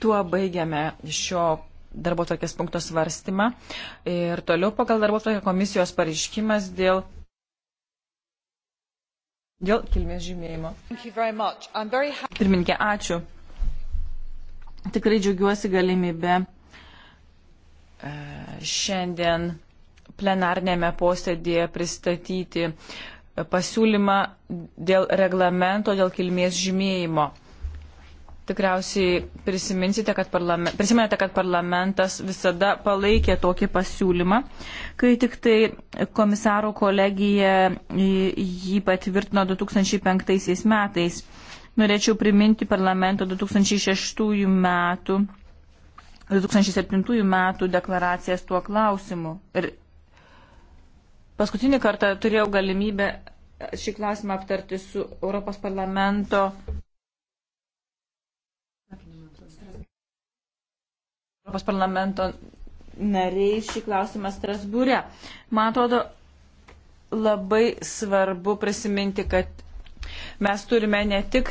Tuo baigiame šio darbo tokias punktos svarstymą. Ir toliau pagal darbo tokia komisijos pareiškimas dėl. Dėl kilmės žymėjimo. Very... Pirminkė, ačiū. Tikrai džiaugiuosi galimybę e, šiandien plenarnėme posėdėje pristatyti pasiūlymą dėl reglamento, dėl kilmės žymėjimo. Tikriausiai prisiminsite, kad, parlament, prisimenate, kad parlamentas visada palaikė tokį pasiūlymą, kai tik tai komisarų kolegija jį patvirtino 2005 metais. Norėčiau priminti parlamento 2006 metų, 2007 metų deklaracijas tuo klausimu. Ir paskutinį kartą turėjau galimybę šį klausimą aptarti su Europos parlamento Europos parlamento nariai šį klausimą Strasbūre. Man atrodo, labai svarbu prisiminti, kad mes turime ne tik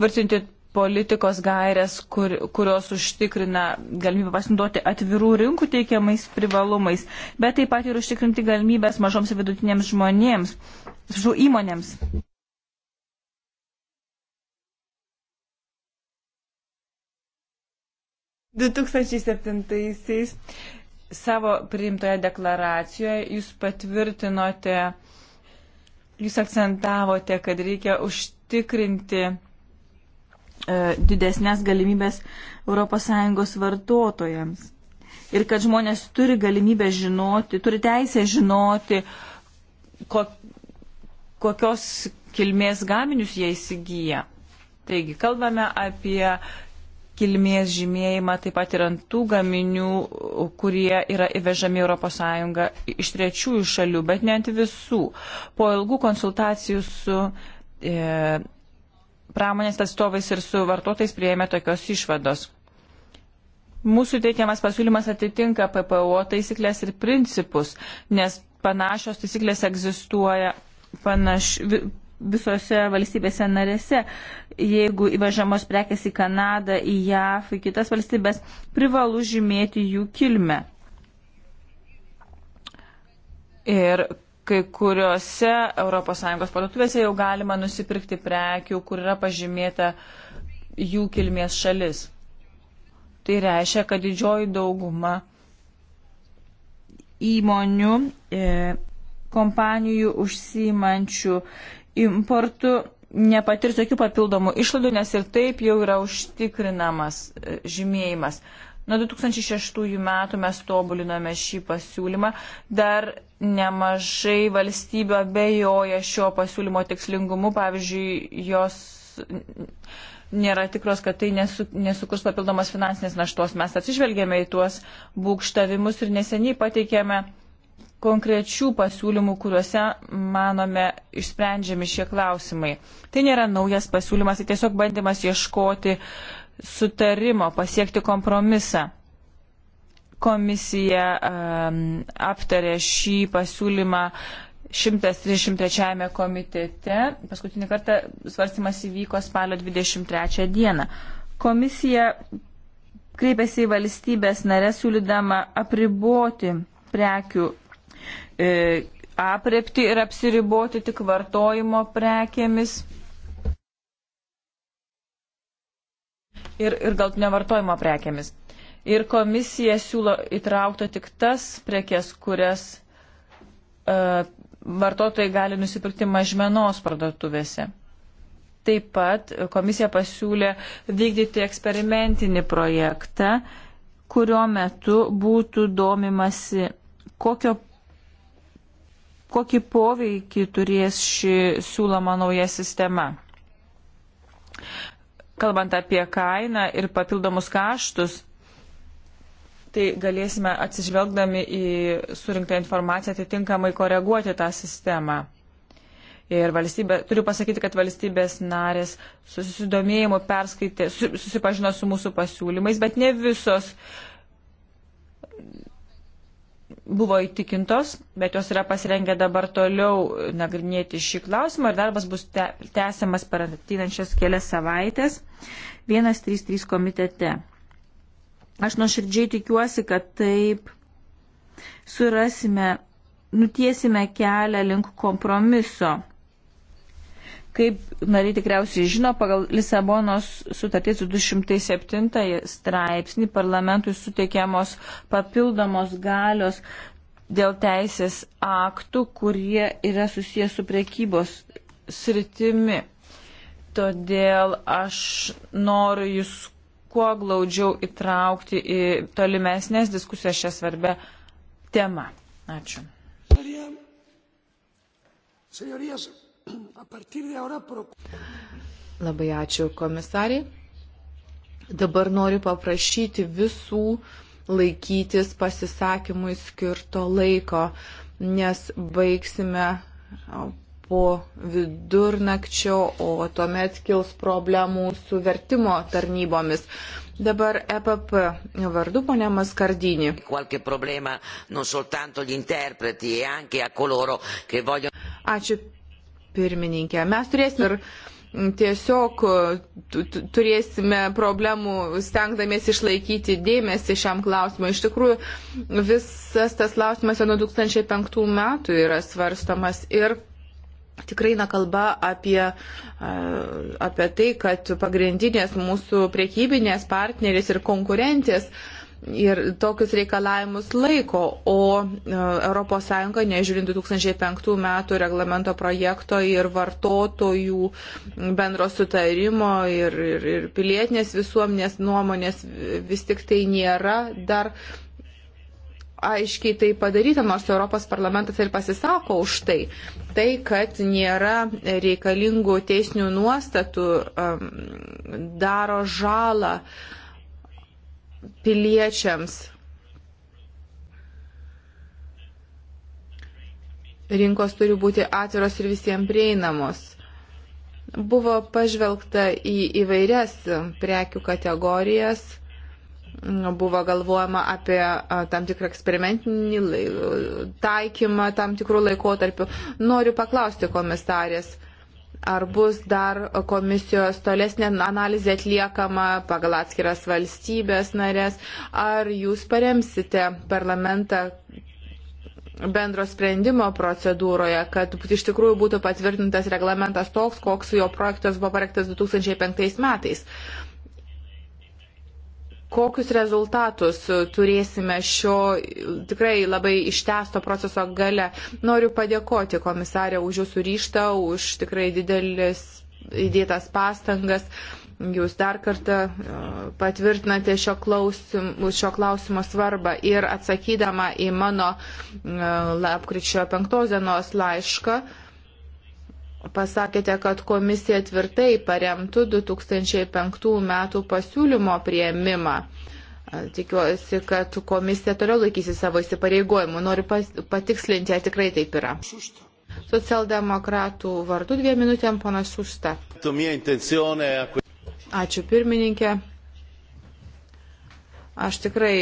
tvirtinti politikos gairias, kur, kurios užtikrina galimybę pasinaudoti atvirų rinkų teikiamais privalumais, bet taip pat ir užtikrinti galimybės mažoms ir vidutinėms žmonėms, žu įmonėms. 2007-aisiais savo priimtoje deklaracijoje jūs patvirtinote, jūs akcentavote, kad reikia užtikrinti e, didesnės galimybės ES vartotojams. Ir kad žmonės turi galimybę žinoti, turi teisę žinoti, ko, kokios kilmės gaminius jie įsigyja. Taigi, kalbame apie kilmės žymėjimą, taip pat ir ant tų gaminių, kurie yra įvežami ES iš trečiųjų šalių, bet ne ant visų. Po ilgų konsultacijų su e, pramonės atstovais ir su vartotojais prieėmė tokios išvados. Mūsų teikiamas pasiūlymas atitinka PPO taisyklės ir principus, nes panašios taisyklės egzistuoja panaš, visose valstybėse narėse. Jeigu įvežamos prekes į Kanadą, į JAF, į kitas valstybės, privalu žymėti jų kilmę. Ir kai kuriuose ES parduotuvėse jau galima nusipirkti prekių, kur yra pažymėta jų kilmės šalis. Tai reiškia, kad didžioji dauguma įmonių, e, kompanijų užsimančių importu nepatirs jokių papildomų išlaidų, nes ir taip jau yra užtikrinamas e, žymėjimas. Nuo 2006 metų mes tobuliname šį pasiūlymą. Dar nemažai valstybių abejoja šio pasiūlymo tikslingumu. Pavyzdžiui, jos nėra tikros, kad tai nesu, nesukurs papildomas finansinės naštos. Mes atsižvelgėme į tuos būkštavimus ir neseniai pateikėme konkrečių pasiūlymų, kuriuose, manome, išsprendžiami šie klausimai. Tai nėra naujas pasiūlymas, tai tiesiog bandymas ieškoti sutarimo, pasiekti kompromisą. Komisija um, aptarė šį pasiūlymą 133 komitete. Paskutinį kartą svarstymas įvyko spalio 23 dieną. Komisija kreipėsi į valstybės narę siūlydama apriboti prekių E, aprepti ir apsiriboti tik vartojimo prekėmis. Ir, ir gal nevartojimo prekėmis. Ir komisija siūlo įtraukti tik tas prekes, kurias uh, vartotojai gali nusipirkti mažmenos parduotuvėse. Taip pat komisija pasiūlė vykdyti eksperimentinį projektą, kurio metu būtų domimasi, kokio kokį poveikį turės ši siūloma nauja sistema. Kalbant apie kainą ir papildomus kaštus, tai galėsime atsižvelgdami į surinktą informaciją atitinkamai koreguoti tą sistemą. Ir valstybė, turiu pasakyti, kad valstybės narės susidomėjimu perskaitė, susipažino su mūsų pasiūlymais, bet ne visos uh, buvo įtikintos, bet jos yra pasirengę dabar toliau nagrinėti šį klausimą ir darbas bus te, tęsiamas per ateinančias kelias savaitės 133 komitete. Aš nuoširdžiai tikiuosi, kad taip surasime, nutiesime kelią link kompromiso Kaip nariai tikriausiai žino, pagal Lisabonos sutarties 207 straipsnį parlamentui suteikiamos papildomos galios dėl teisės aktų, kurie yra susijęs su priekybos sritimi. Todėl aš noriu jūs kuo glaudžiau įtraukti į tolimesnės diskusijas šią svarbę temą. Ačiū. Señorías, Labai ačiū komisariai. Dabar noriu paprašyti visų laikytis pasisakymui skirto laiko, nes baigsime po vidurnakčio, o tuomet kils problemų su vertimo tarnybomis. Dabar EPP vardu ponė Maskardinį. E ačiū pirmininkė. Mes turėsime ir tiesiog e, turėsime problemų stengdamės išlaikyti dėmesį šiam klausimui. Iš tikrųjų, visas tas klausimas jau nuo 2005 metų yra svarstomas ir tikrai na kalba apie, e, apie tai, kad pagrindinės mūsų priekybinės partnerės ir konkurentės uh, ir tokius reikalavimus laiko, o ES, nežiūrint 2005 metų reglamento projekto ir vartotojų bendro sutarimo ir, ir, ir pilietinės visuomenės nuomonės, vis tik tai nėra dar aiškiai tai padaryta, nors Europos parlamentas ir pasisako už tai. Tai, kad nėra reikalingų teisinių nuostatų, daro žalą uh, piliečiams. Rinkos turi būti atviros ir visiems prieinamos. Buvo pažvelgta į įvairias prekių kategorijas buvo galvojama apie tam tikrą eksperimentinį taikymą tam tikrų laikotarpių. Noriu paklausti komisarės, ar bus dar komisijos tolesnė analizė atliekama pagal atskiras valstybės narės, ar jūs paremsite parlamentą bendro sprendimo procedūroje, kad iš tikrųjų būtų patvirtintas reglamentas toks, koks jo projektas buvo parektas 2005 metais kokius rezultatus turėsime šio tikrai labai ištesto proceso gale. Noriu padėkoti komisarė už jūsų ryštą, už tikrai didelis įdėtas pastangas. Jūs dar kartą e, patvirtinate šio klausimo, šio klausimo svarbą ir atsakydama į mano e, lapkričio penktos dienos laišką, uh, pasakėte, kad komisija tvirtai paremtų 2005 metų pasiūlymo prieimimą. Tikiuosi, kad komisija toliau laikysi savo įsipareigojimų. Noriu patikslinti, ar tikrai taip yra. Socialdemokratų vardu dviem minutėm, ponas Šušta. Ačiū pirmininkė. Aš tikrai,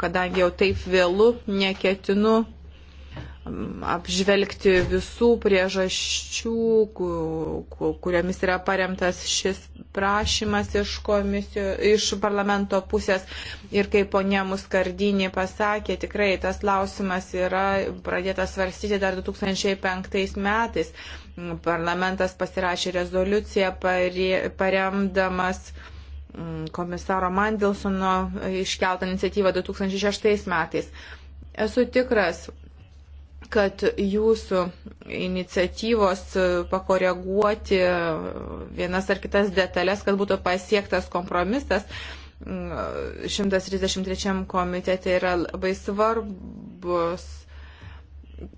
kadangi jau taip vėlų, neketinu apžvelgti visų priežasčių, kuriamis yra paremtas šis prašymas iš, komisijų, iš parlamento pusės. Ir kaip ponė Muskardinė pasakė, tikrai tas klausimas yra pradėtas svarstyti dar 2005 metais. Parlamentas pasirašė rezoliuciją paremdamas mm, komisaro Mandelsono iškeltą iniciatyvą 2006 metais. Esu tikras, kad jūsų iniciatyvos pakoreguoti vienas ar kitas detalės, kad būtų pasiektas kompromisas 133 mm, komitete yra labai svarbus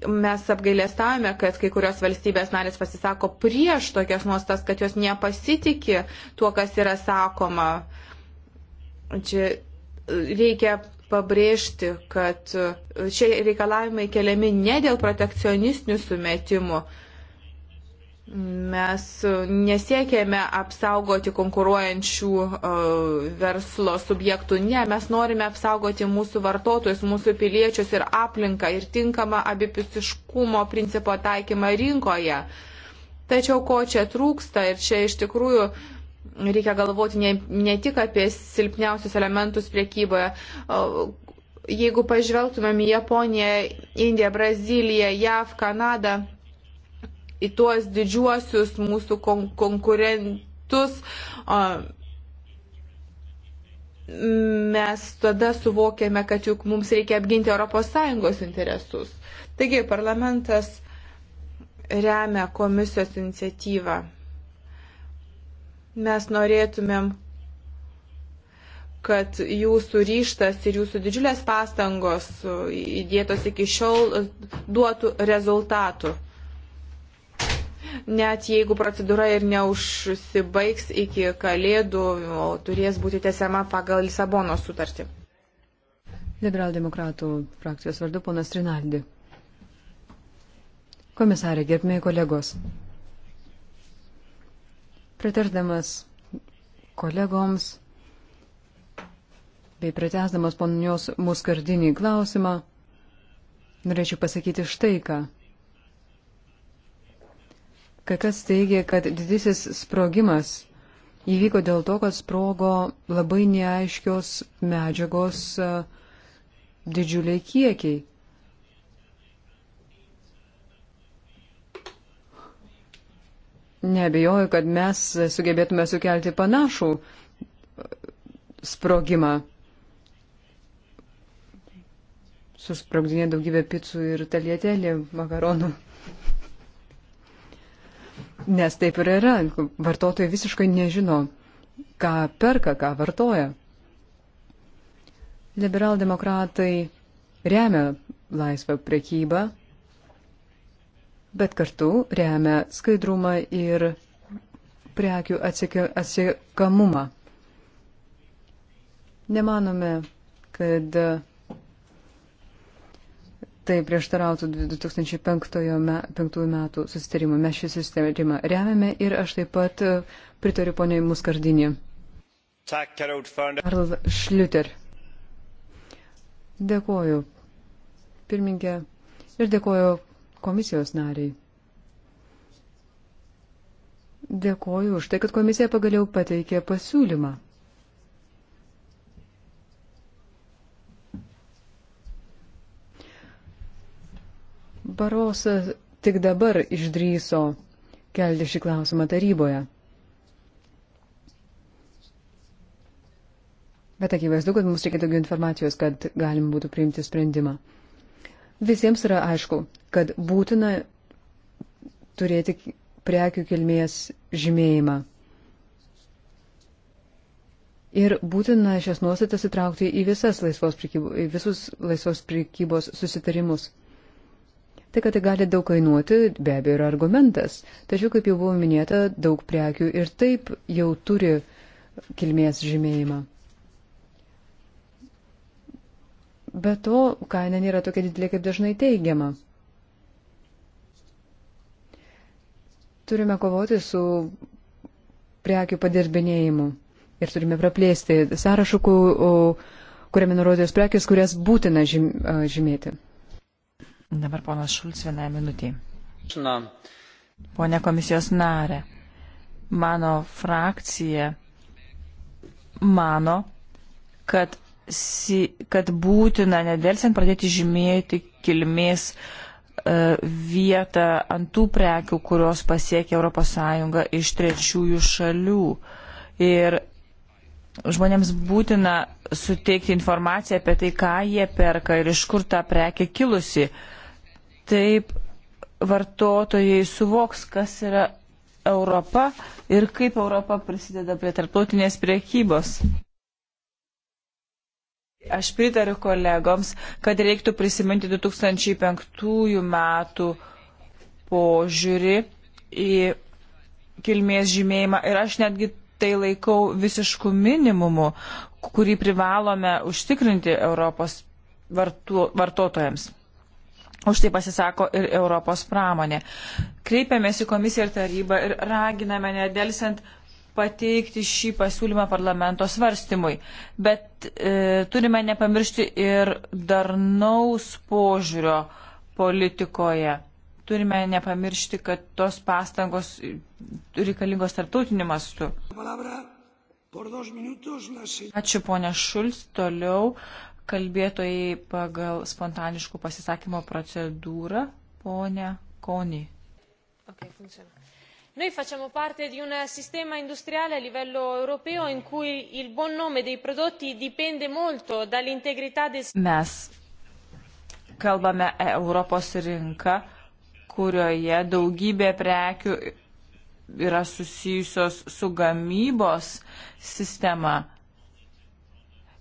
mes apgailestavome, kad kai kurios valstybės narės pasisako prieš tokias nuostas, kad jos nepasitikė tuo, kas yra sakoma. Čia reikia pabrėžti, kad e, šie reikalavimai keliami ne dėl protekcionistinių sumetimų. Mes e, nesiekėme apsaugoti konkuruojančių e, verslo subjektų, ne, mes norime apsaugoti mūsų vartotojus, mūsų piliečius ir aplinką ir tinkamą abipusiškumo principo taikymą rinkoje. Tačiau ko čia trūksta ir čia iš tikrųjų reikia galvoti ne, ne tik apie silpniausius elementus priekyboje. Jeigu pažvelgtumėm į Japoniją, Indiją, Braziliją, JAV, Kanadą, į tuos didžiuosius mūsų kon konkurentus, mes tada suvokėme, kad juk mums reikia apginti ES interesus. Taigi parlamentas remia komisijos iniciatyvą. Mes norėtumėm, kad jūsų ryštas ir jūsų didžiulės pastangos įdėtos iki šiol duotų rezultatų net jeigu procedūra ir neužsibaigs iki kalėdų, o turės būti tęsiama pagal Lisabono sutartį. Liberaldemokratų frakcijos vardu ponas Rinaldi. Komisarė, gerbėjai kolegos. Pritardamas kolegoms bei pritesdamas ponios muskardinį klausimą, norėčiau pasakyti štai ką. Kai kas teigia, kad didysis sprogimas įvyko dėl to, kad sprogo labai neaiškios medžiagos didžiuliai kiekiai. nebejoju, kad mes sugebėtume sukelti panašų sprogimą. Susprogdinė daugybė picų ir talietėlį makaronų. Nes taip ir yra. Vartotojai visiškai nežino, ką perka, ką vartoja. Liberaldemokratai remia laisvą prekybą bet kartu remia skaidrumą ir prekių atsiekamumą. Nemanome, kad tai prieštarautų 2005 metų susitarimui. Mes šį susitarimą remiame ir aš taip pat e, pritariu poniai Muskardinį. Karl Šliuter. Dėkoju, pirmininkė, ir dėkoju komisijos nariai. Dėkoju už tai, kad komisija pagaliau pateikė pasiūlymą. Barosas tik dabar išdryso kelti šį klausimą taryboje. Bet akivaizdu, kad mums reikia daugiau informacijos, kad galim būtų priimti sprendimą. Visiems yra aišku, kad būtina turėti prekių kilmės žymėjimą. Ir būtina šias nuostatas įtraukti į, laisvos prikybos, į visus laisvos prikybos susitarimus. Tai, kad tai gali daug kainuoti, be abejo, yra argumentas. Tačiau, kaip jau buvo minėta, daug prekių ir taip jau turi kilmės žymėjimą. Be to, kaina nėra tokia didelė, kaip dažnai teigiama. Turime kovoti su prekių padirbinėjimu ir turime praplėsti sąrašų, kuriame nurodytos prekės, kurias būtina žymėti. Dabar ponas Šulc vieną minutį. Na. Pone komisijos narė, mano frakcija mano, kad kad būtina nedelsiant pradėti žymėti kilmės e, vietą ant tų prekių, kurios pasiekia ES iš trečiųjų šalių. Ir žmonėms būtina suteikti informaciją apie tai, ką jie perka ir iš kur ta prekė kilusi. Taip vartotojai suvoks, kas yra Europa ir kaip Europa prisideda prie tarptautinės priekybos. Aš pritariu kolegoms, kad reiktų prisiminti 2005 metų požiūrį į kilmės žymėjimą ir aš netgi tai laikau visiškų minimumu, kurį privalome užtikrinti Europos vartu, vartotojams. Už tai pasisako ir Europos pramonė. Kreipiamės į komisiją ir tarybą ir raginame nedelsiant pateikti šį pasiūlymą parlamento svarstymui. Bet e, turime nepamiršti ir darnaus požiūrio politikoje. Turime nepamiršti, kad tos pastangos reikalingos tarptautiniu mastu. Ačiū ponia Šulc. Toliau kalbėtojai pagal spontaniškų pasisakymo procedūrą. Ponia Koni. Okay, funciona noi facciamo parte di un sistema industriale a livello europeo in cui il buon nome dei prodotti dipende molto dall'integrità del Mes kalbame e Europos rinką, kurioje daugybė prekių yra susijusios su gamybos sistema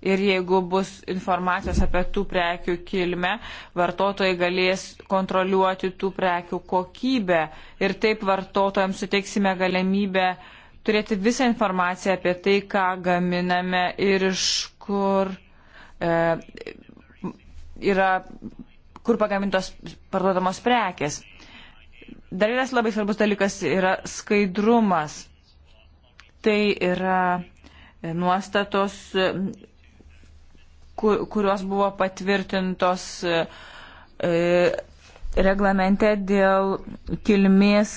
ir jeigu bus informacijos apie tų prekių kilmę, vartotojai galės kontroliuoti tų prekių kokybę ir taip vartotojams suteiksime galimybę turėti visą informaciją apie tai, ką gaminame ir iš kur e, yra, kur pagamintos parduodamos prekės. Dar vienas labai svarbus dalykas yra skaidrumas. Tai yra nuostatos kur, kurios buvo patvirtintos e, e, reglamente dėl kilmės,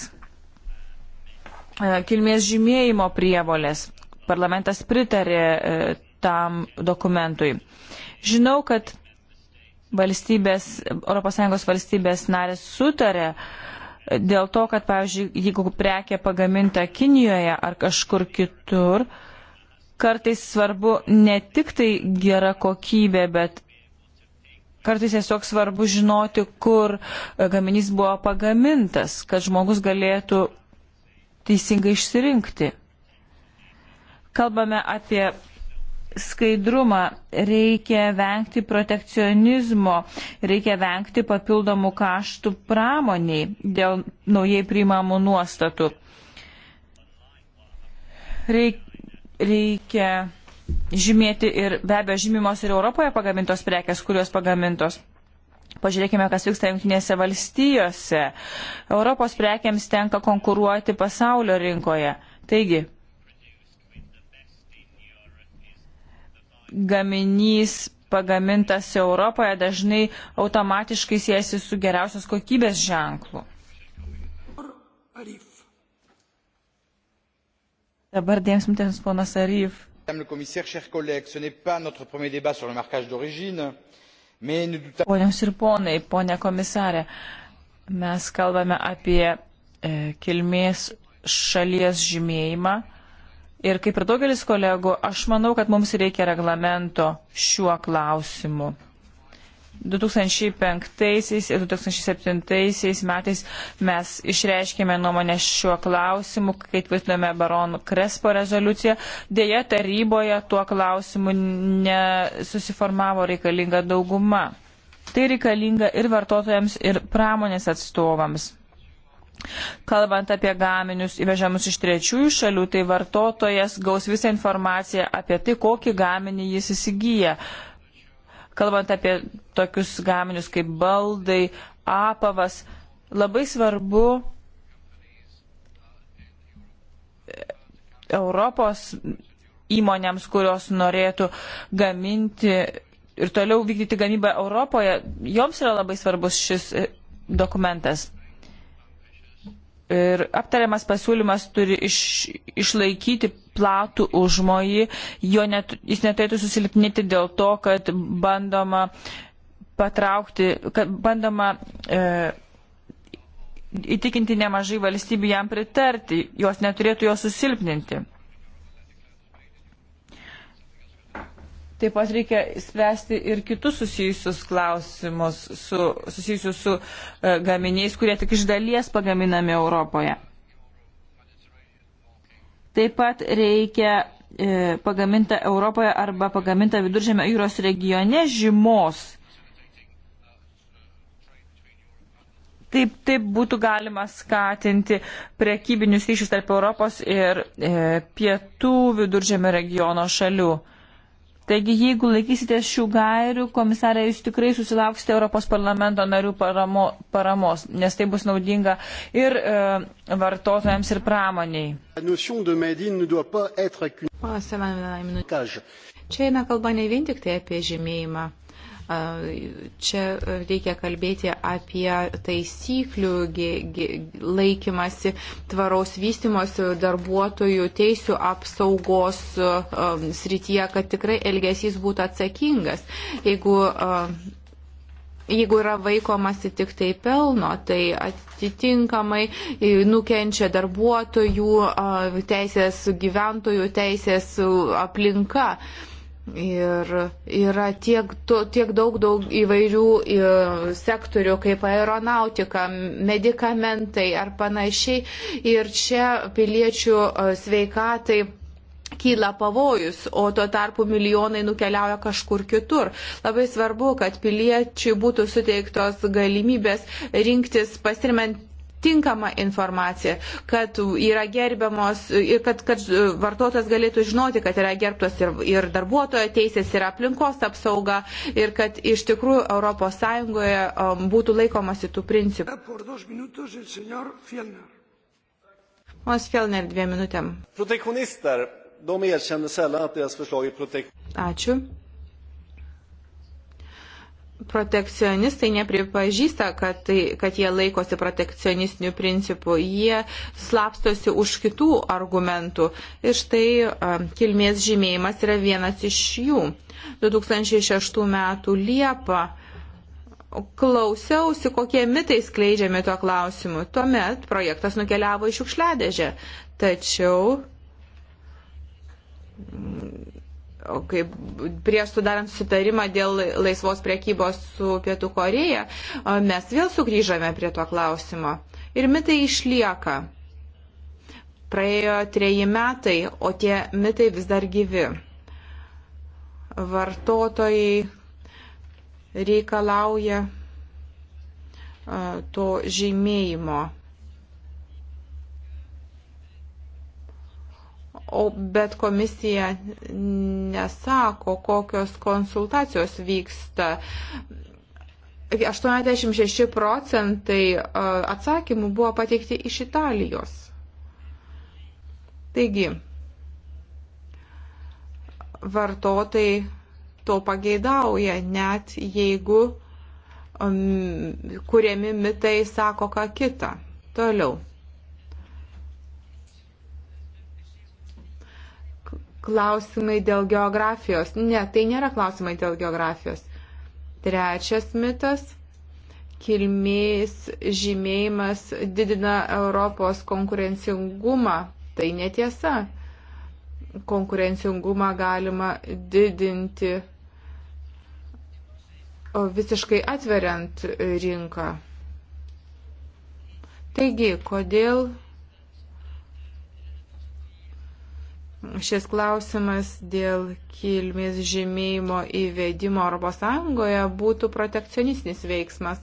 e, kilmės žymėjimo prievolės. Parlamentas pritarė e, tam dokumentui. Žinau, kad valstybės, ES valstybės narės sutarė e, dėl to, kad, pavyzdžiui, jeigu prekė pagaminta Kinijoje ar kažkur kitur, e, kartais svarbu ne tik tai gera kokybė, bet kartais tiesiog svarbu žinoti, kur e, gaminys buvo pagamintas, kad žmogus galėtų teisingai išsirinkti. Kalbame apie skaidrumą, reikia vengti protekcionizmo, reikia vengti papildomų kaštų pramoniai dėl naujai priimamų nuostatų. Reik, reikia žymėti ir be abejo žymimos ir Europoje pagamintos prekes, kurios pagamintos. Pažiūrėkime, kas vyksta jungtinėse valstijose. Europos prekiams tenka konkuruoti pasaulio rinkoje. Taigi, gaminys pagamintas Europoje dažnai automatiškai siejasi su geriausios kokybės ženklu. Arif. Dabar dėmes minutės ponas Aryf. Madame le commissaire, chers collègues, ce n'est pas notre premier débat sur le marquage d'origine, mais nous doutons. Ponios ir ponai, ponia komisarė, mes kalbame apie e, kilmės šalies žymėjimą. Ir kaip ir daugelis kolegų, aš manau, kad mums reikia reglamento šiuo klausimu. 2005 ir 2007 metais mes išreiškėme nuomonę šiuo klausimu, kai tvirtiname baronų Krespo rezoliuciją. Deja, taryboje tuo klausimu nesusiformavo reikalinga dauguma. Tai reikalinga ir vartotojams, ir pramonės atstovams. Kalbant apie gaminius įvežamus iš trečiųjų šalių, tai vartotojas gaus visą informaciją apie tai, kokį gaminį jis įsigyja kalbant apie tokius gaminius kaip baldai, apavas, labai svarbu e, Europos įmonėms, kurios norėtų gaminti ir toliau vykdyti gamybą Europoje, joms yra labai svarbus šis e, dokumentas. Ir aptariamas pasiūlymas turi iš, išlaikyti platų užmojį, net, jis neturėtų susilpnyti dėl to, kad bandoma patraukti, kad bandoma e, įtikinti nemažai valstybių jam pritarti, jos neturėtų jo susilpninti. Taip pat reikia spręsti ir kitus susijusius klausimus, su, susijusius su e, gaminiais, kurie tik iš dalies pagaminami Europoje. Taip pat reikia e, pagaminta Europoje arba pagaminta viduržėme jūros regione žymos. Taip, taip būtų galima skatinti prekybinius ryšius tarp Europos ir e, pietų viduržėme regiono šalių. E, Taigi, jeigu laikysite šių gairių, komisarė, jūs tikrai susilauksite Europos parlamento narių paramo, paramos, nes tai bus naudinga ir e, vartotojams, ir pramoniai. Čia eina kalba ne vien tik tai apie žymėjimą. Čia reikia kalbėti apie taisyklių laikymasi tvaraus vystimosi darbuotojų teisų apsaugos srityje, kad tikrai elgesys būtų atsakingas. Jeigu Jeigu yra vaikomasi tik tai pelno, tai atitinkamai nukenčia darbuotojų teisės, gyventojų teisės aplinka. Um, Ir yra tiek, to, tiek daug, daug įvairių sektorių, kaip aeronautika, medikamentai ar panašiai. Ir čia piliečių sveikatai kyla pavojus, o tuo tarpu milijonai nukeliauja kažkur kitur. Labai svarbu, kad piliečiui būtų suteiktos galimybės rinktis pasirimant tinkamą informaciją, kad yra gerbiamos ir kad, kad vartotojas galėtų žinoti, kad yra gerbtos ir, ir darbuotojo teisės, ir aplinkos apsauga ir kad iš tikrųjų ES um, būtų laikomasi tų principų. Mons Fjellner dviem minutėm. Ačiū. Protekcionistai nepripažįsta, kad, tai, kad jie laikosi protekcionistinių principų, jie slapstosi už kitų argumentų ir štai kilmės žymėjimas yra vienas iš jų. 2006 m. Liepa klausiausi, kokie mitai skleidžiami tuo klausimu. Tuomet projektas nukeliavo į šiukšliadežę. Tačiau kaip prieš sudarant sutarimą dėl laisvos priekybos su Pietų Koreja, mes vėl sugrįžame prie to klausimo. Ir mitai išlieka. Praėjo treji metai, o tie mitai vis dar gyvi. Vartotojai reikalauja to žymėjimo O bet komisija nesako, kokios konsultacijos vyksta. 86 procentai atsakymų buvo pateikti iš Italijos. Taigi, vartotojai to pageidauja, net jeigu um, kuriami mitai sako ką kitą. Toliau. klausimai dėl geografijos. Ne, tai nėra klausimai dėl geografijos. Trečias mitas - kilmės žymėjimas didina Europos konkurencingumą. Tai netiesa. Konkurencingumą galima didinti visiškai atveriant rinką. Taigi, kodėl šis klausimas dėl kilmės žymėjimo įvedimo ES būtų protekcionistinis veiksmas.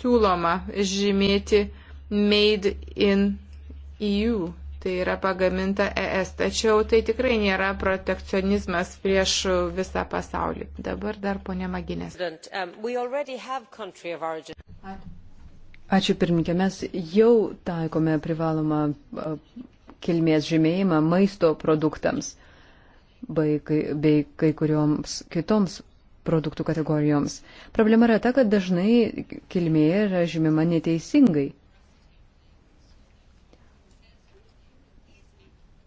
Siūloma žymėti Made in EU, tai yra pagaminta ES, tačiau tai tikrai nėra protekcionizmas prieš visą pasaulį. Dabar dar ponė Maginės. Um, Ačiū. Ačiū pirmininkė. Mes jau taikome privalomą kilmės žymėjimą maisto produktams bei kai, bei kai kurioms kitoms produktų kategorijoms. Problema yra ta, kad dažnai kilmė yra žymima neteisingai.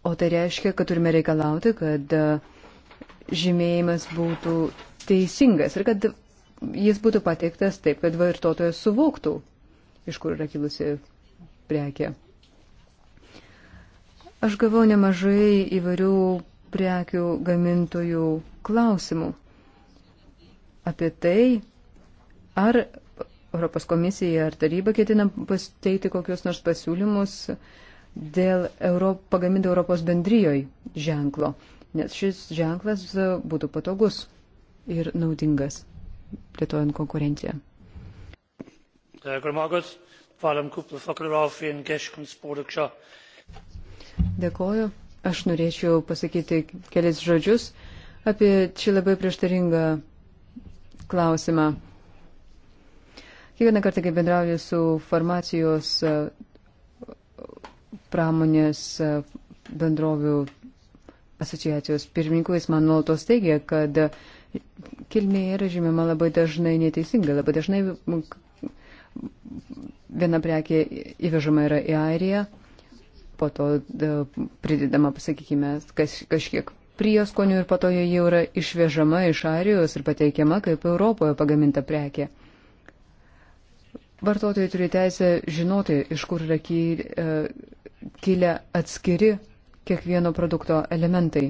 O tai reiškia, kad turime reikalauti, kad žymėjimas būtų teisingas ir kad jis būtų pateiktas taip, kad vartotojas suvoktų, iš kur yra kilusi prekė. Aš gavau nemažai įvairių prekių gamintojų klausimų apie tai, ar Europos komisija ar taryba ketina pasteikti kokius nors pasiūlymus dėl Europ, pagaminto Europos bendrijoj ženklo, nes šis ženklas būtų patogus ir naudingas plėtojant konkurenciją. Äh, Dėkoju. Aš norėčiau pasakyti kelias žodžius apie šį labai prieštaringą klausimą. Kiekvieną kartą, kai bendrauju su farmacijos e, pramonės e, bendrovių asociacijos pirmininku, jis man nuolatos teigia, kad kilmė yra žymima labai dažnai neteisinga, labai dažnai viena prekė įvežama yra į Airiją, po to e, pridedama, sakykime, kas, kažkiek prieskonių ir po to jie jau yra išvežama iš Airijos ir pateikiama kaip Europoje pagaminta prekė. Vartotojai turi teisę žinoti, iš kur yra e, kilę atskiri kiekvieno produkto elementai.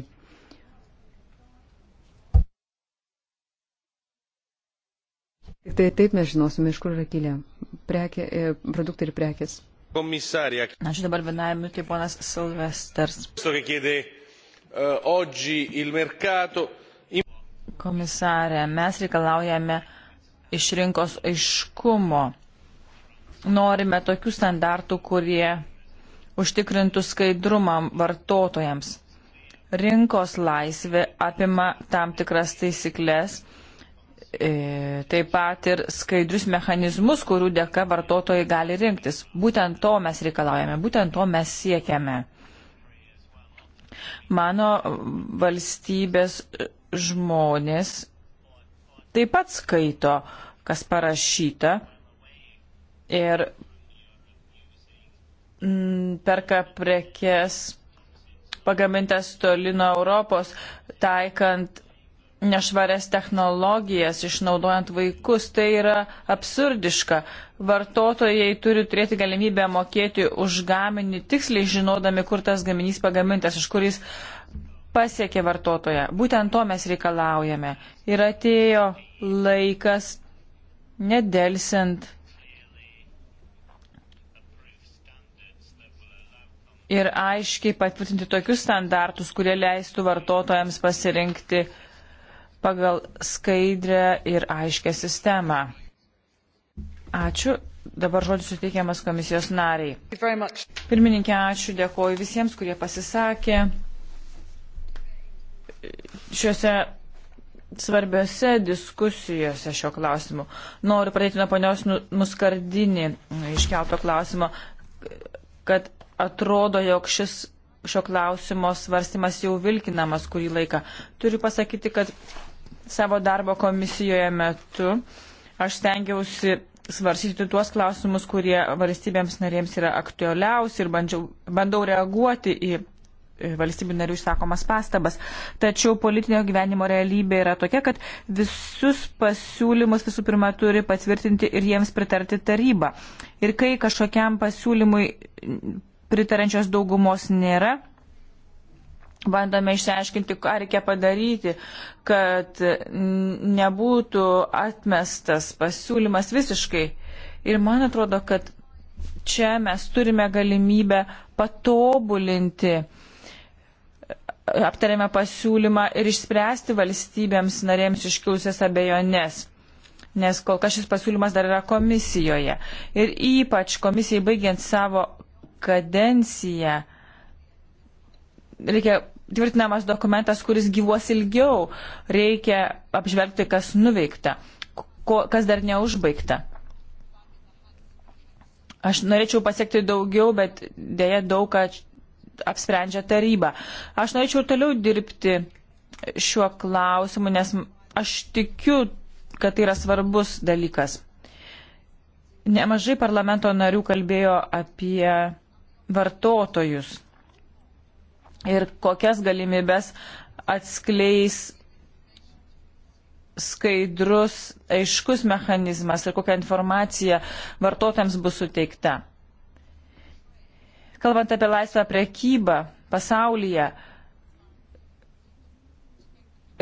Tik tai taip mes žinosime, iš kur yra kilę prekė, e, produktai ir prekės. Komisarė. Ačiū dabar vienai minutė, ponas Silvesters. Eh, Komisarė, mes reikalaujame iš rinkos aiškumo. Norime tokių standartų, kurie užtikrintų skaidrumą vartotojams. Rinkos laisvė apima tam tikras taisyklės E, taip pat ir skaidrius mechanizmus, kurių dėka vartotojai gali rinktis. Būtent to mes reikalaujame, būtent to mes siekiame. Mano valstybės žmonės taip pat skaito, kas parašyta ir mm, perka prekes pagamintas toli nuo Europos, taikant nešvarias technologijas, išnaudojant vaikus, tai yra absurdiška. Vartotojai turi turėti galimybę mokėti už gaminį, tiksliai žinodami, kur tas gaminys pagamintas, iš kuris pasiekė vartotoją. Būtent to mes reikalaujame. Ir atėjo laikas, nedelsint. Ir aiškiai patvirtinti tokius standartus, kurie leistų vartotojams pasirinkti uh, pagal skaidrę ir aiškę sistemą. Ačiū. Dabar žodis suteikiamas komisijos nariai. Pirmininkė, ačiū, dėkoju visiems, kurie pasisakė šiuose svarbiose diskusijose šio klausimu. Noriu pradėti nuo ponios nu- Muskardinį iškelto klausimo, kad atrodo, jog šis šio klausimo svarstymas jau vilkinamas kurį laiką. Turiu pasakyti, kad savo darbo komisijoje metu aš stengiausi svarsyti tuos klausimus, kurie valstybėms narėms yra aktualiausi ir bandžiau, bandau reaguoti į valstybių narių išsakomas pastabas. Tačiau politinio gyvenimo realybė yra tokia, kad visus pasiūlymus visų pirma turi patvirtinti ir jiems pritarti taryba. Ir kai kažkokiam pasiūlymui pritarančios daugumos nėra, bandome išsiaiškinti, ką reikia padaryti, kad nebūtų atmestas pasiūlymas visiškai. Ir man atrodo, kad čia mes turime galimybę patobulinti aptarėme pasiūlymą ir išspręsti valstybėms narėms iškilusias abejones. Nes kol kas šis pasiūlymas dar yra komisijoje. Ir ypač komisijai baigiant savo kadenciją reikia tvirtinamas dokumentas, kuris gyvuos ilgiau. Reikia apžvelgti, kas nuveikta, ko, kas dar neužbaigta. Aš norėčiau pasiekti daugiau, bet dėja daug ką apsprendžia taryba. Aš norėčiau ir toliau dirbti šiuo klausimu, nes aš tikiu, kad tai yra svarbus dalykas. Nemažai parlamento narių kalbėjo apie vartotojus ir kokias galimybės atskleis skaidrus, aiškus mechanizmas ir kokia informacija vartotojams bus suteikta. Kalbant apie laisvą prekybą pasaulyje,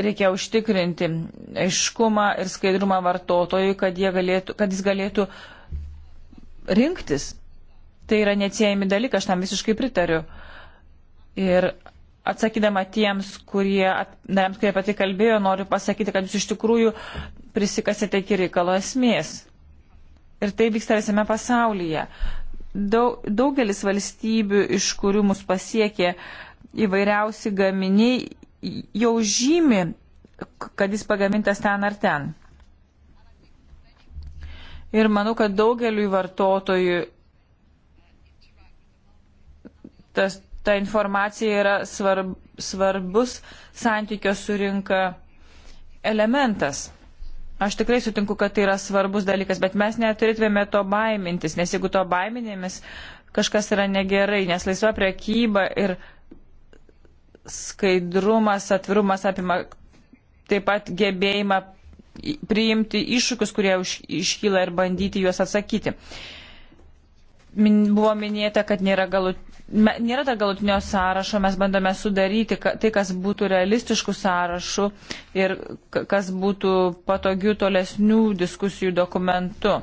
reikia užtikrinti aiškumą ir skaidrumą vartotojui, kad, galėtų, kad jis galėtų rinktis. Tai yra neatsiejami dalykai, aš tam visiškai pritariu. Uh, Ir atsakydama tiems, kurie, nariams, kurie pati kalbėjo, noriu pasakyti, kad jūs iš tikrųjų prisikasėte iki reikalo esmės. Ir tai vyksta visame pasaulyje. Daug, daugelis valstybių, iš kurių mus pasiekė įvairiausi gaminiai, jau žymi, kad jis pagamintas ten ar ten. Ir manau, kad daugeliui vartotojų tas ta informacija yra svarb, svarbus santykio su rinka elementas. Aš tikrai sutinku, kad tai yra svarbus dalykas, bet mes neturėtume to baimintis, nes jeigu to baiminėmis, kažkas yra negerai, nes laisva priekyba ir skaidrumas, atvirumas apima taip pat gebėjimą priimti iššūkius, kurie iškyla ir bandyti juos atsakyti. Uh, min, buvo minėta, kad nėra, galut, nėra dar galutinio sąrašo, mes bandome sudaryti ka, tai, kas būtų realistiškų sąrašų ir kas būtų patogių tolesnių diskusijų dokumentu.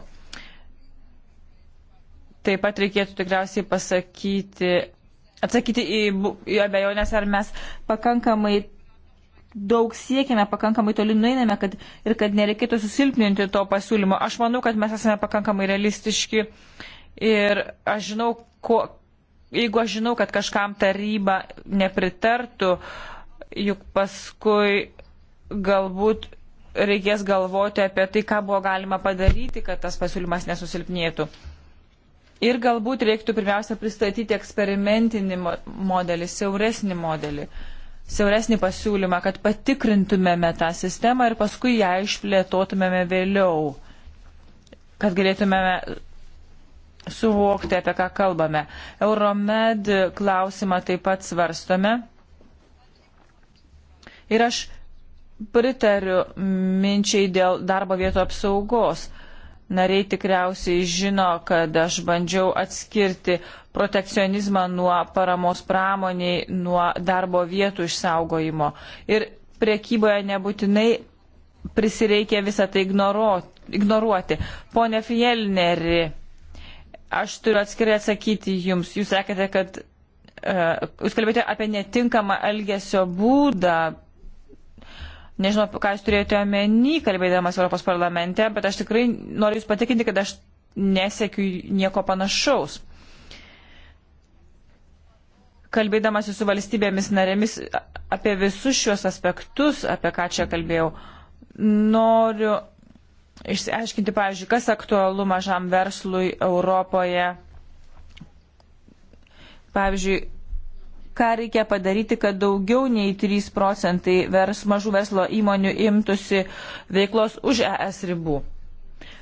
Taip pat reikėtų tikriausiai pasakyti, atsakyti į, į abejonės, ar mes pakankamai daug siekime, pakankamai toli nueiname kad, ir kad nereikėtų susilpninti to pasiūlymo. Aš manau, kad mes esame pakankamai realistiški. Uh, Ir aš žinau, ko, jeigu aš žinau, kad kažkam taryba nepritartų, juk paskui galbūt reikės galvoti apie tai, ką buvo galima padaryti, kad tas pasiūlymas nesusilpnėtų. Ir galbūt reiktų pirmiausia pristatyti eksperimentinį modelį, siauresnį modelį, siauresnį pasiūlymą, kad patikrintumėme tą sistemą ir paskui ją išplėtotumėme vėliau, kad galėtumėme suvokti, apie ką kalbame. Euromed klausimą taip pat svarstome. Ir aš pritariu minčiai dėl darbo vietų apsaugos. Nariai tikriausiai žino, kad aš bandžiau atskirti protekcionizmą nuo paramos pramoniai, nuo darbo vietų išsaugojimo. Ir priekyboje nebūtinai prisireikia visą tai ignoruoti. Pone Fielneri, Aš turiu atskirai atsakyti jums. Jūs sakėte, kad e, jūs kalbėjote apie netinkamą elgesio būdą. Nežinau, ką jūs turėjote omeny, kalbėdamas Europos parlamente, bet aš tikrai noriu jūs patikinti, kad aš nesėkiu nieko panašaus. Kalbėdamas su valstybėmis narėmis apie visus šiuos aspektus, apie ką čia kalbėjau, noriu išsiaiškinti, pavyzdžiui, kas aktualu mažam verslui Europoje. Pavyzdžiui, ką reikia padaryti, kad daugiau nei 3 procentai vers, mažų verslo įmonių imtųsi veiklos už ES ribų.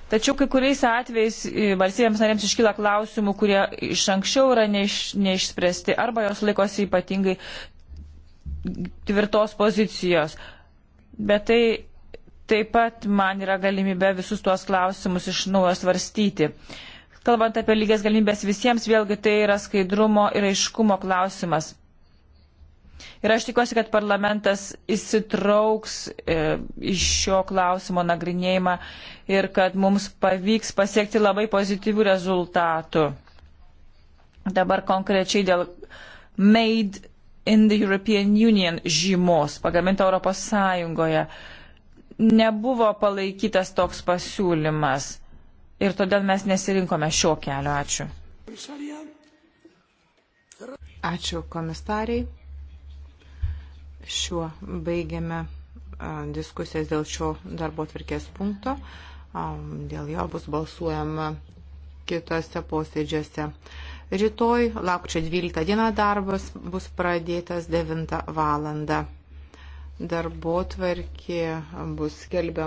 Tačiau kai kuriais atvejais e, valstybėms narėms iškyla klausimų, kurie iš anksčiau yra neiš, neišspręsti arba jos laikosi ypatingai tvirtos pozicijos. Bet tai taip pat man yra galimybė visus tuos klausimus iš naujo svarstyti. Kalbant apie lygias galimybės visiems, vėlgi tai yra skaidrumo ir aiškumo klausimas. Ir aš tikiuosi, kad parlamentas įsitrauks e, iš šio klausimo nagrinėjimą ir kad mums pavyks pasiekti labai pozityvių rezultatų. Dabar konkrečiai dėl Made in the European Union žymos, pagaminta Europos Sąjungoje. E, nebuvo palaikytas toks pasiūlymas ir todėl mes nesirinkome šio kelio. Ačiū. Ačiū komisariai. Šiuo baigiame diskusijas dėl šio darbo tvarkės punkto. Dėl jo bus balsuojama kitose posėdžiuose. Rytoj, lapkričio 12 dieną darbas bus pradėtas 9 valandą darbo tvarkė bus skelbiama.